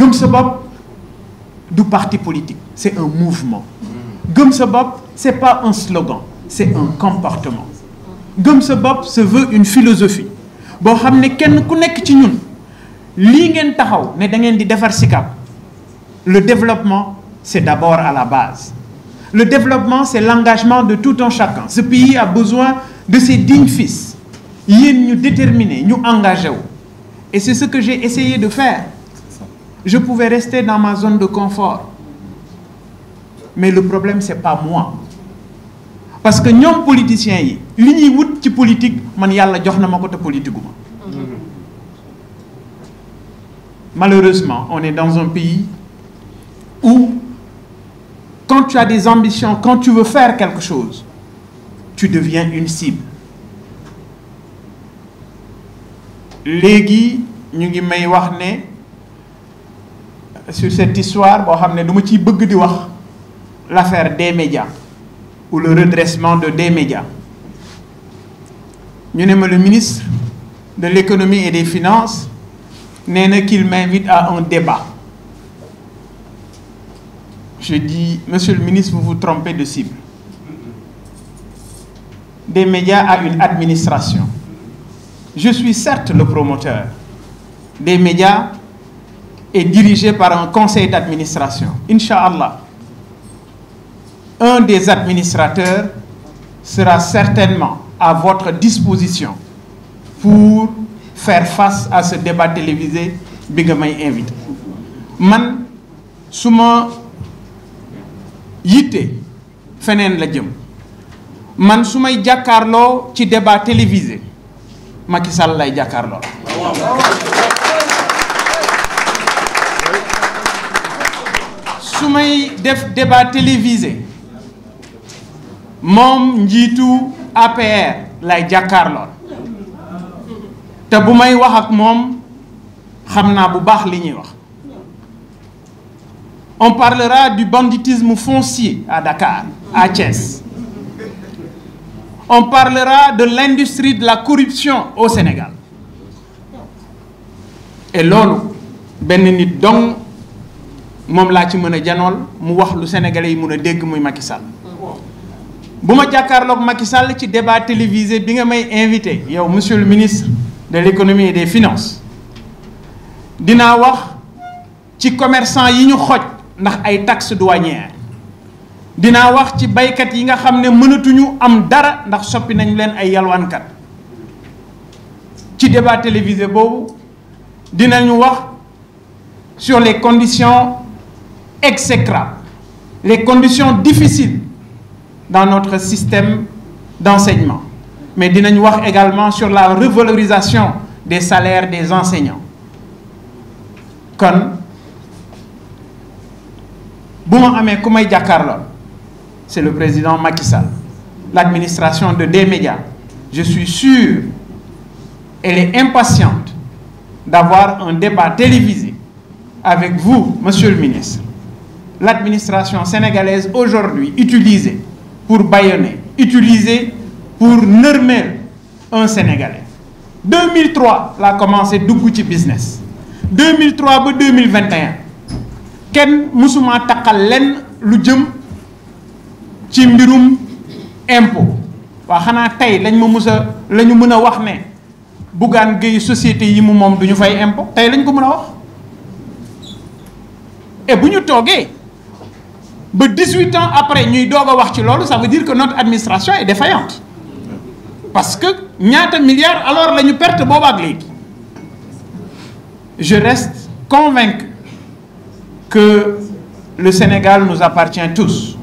gëm sa bopp du parti politique c'est un mouvement gëm sa bopp c'est pas un slogan c'est un comportement gëm sa bopp se veut une philosophie boo xam ne kenn ku nekk ci ñun lii ngeen taxaw ne da ngeen di defar Sicap le développement c'est d'abord à la base le développement c'est l'engagement de tout un chacun ce pays a besoin de ses dignes fils yéen ñu déterminer ñu engagé wu et c'est ce que j'ai essayé de faire je pouvais rester dans ma zone de confort mais le problème c'est pas moi parce que ñoom politiciens yi li ñuy wut ci politique man yàlla jox na ma ko te politique gu ma malheureusement on est dans un pays où quand tu as des ambitions quand tu veux faire quelque chose tu deviens une cible léegi ñu ngi may wax ne sur cette histoire boo xam ne du ma ciy bëgg di wax l'affaire des médias ou le redressement de des médias ñu ne ma le ministre de l'économie et des finances nee na qu'il m'invite à un débat je dis monsieur le ministre vous vous trompez de cible des médias à une administration je suis certes le promoteur des médias est dirigé par un conseil d'administration. Inch'Allah, un des administrateurs sera certainement à votre disposition pour faire face à ce débat télévisé bi nga may invité man su ma yitte feneen la jëm man su may jàkkaarloo ci débat télévisé Macky Sall lay jàkkaarloo su may def débat télévisé moom njiitu APR lay jàkkaarlool te bu may wax ak moom xam naa bu baax li ñuy wax on parlera du banditisme foncier à Dakar à Thiès on parlera de l'industrie de la corruption au Sénégal loolu benn nit dong moom laa ci mën a janool mu wax lu sénégalais yi mun a dégg muy Macky Sall bu ma jàkkaarloog Macky Sall ci débat télévisé bi nga may invité yow monsieur le ministre de l'économie et des finances dinaa wax ci commerçant yi ñu xoj ndax ay taxes douanières dinaa wax ci baykat yi nga xam ne mënatuñu am dara ndax soppi nañu leen ay yalwaankat ci débat télévisé boobu dinañu wax sur les conditions exécrable, les conditions difficiles dans notre système d'enseignement. Mais dinañ wax également sur la revalorisation des salaires des enseignants. Kon bu ma amee ku may jàkkaarloon c'est le président Macky Sall, l'administration de des média Je suis sûr elle est impatiente d'avoir un débat télévisé avec vous, monsieur le ministre. l'administration sénégalaise aujourd'hui utiliser pour bâillonner, utilisée pour nërmer un mille 2003 la commencé dugg ci business 2003 ba 2021 kenn mësuma takkal lenn lu jëm ci mbirum impôt waa xanaa tey lañ ma mës a la ñu mën a wax ne Bougane géey société yi mu moom du ñu fay impôt tey lañ ko mën a wax et bu ñu toogee ba 18 ans après ñuy doog a wax ci loolu ça veut dire que notre administration est défaillante parce que ñaata milliards alors la ñu perte boobu ak léegi je reste convaincu que le Sénégal nous appartient tous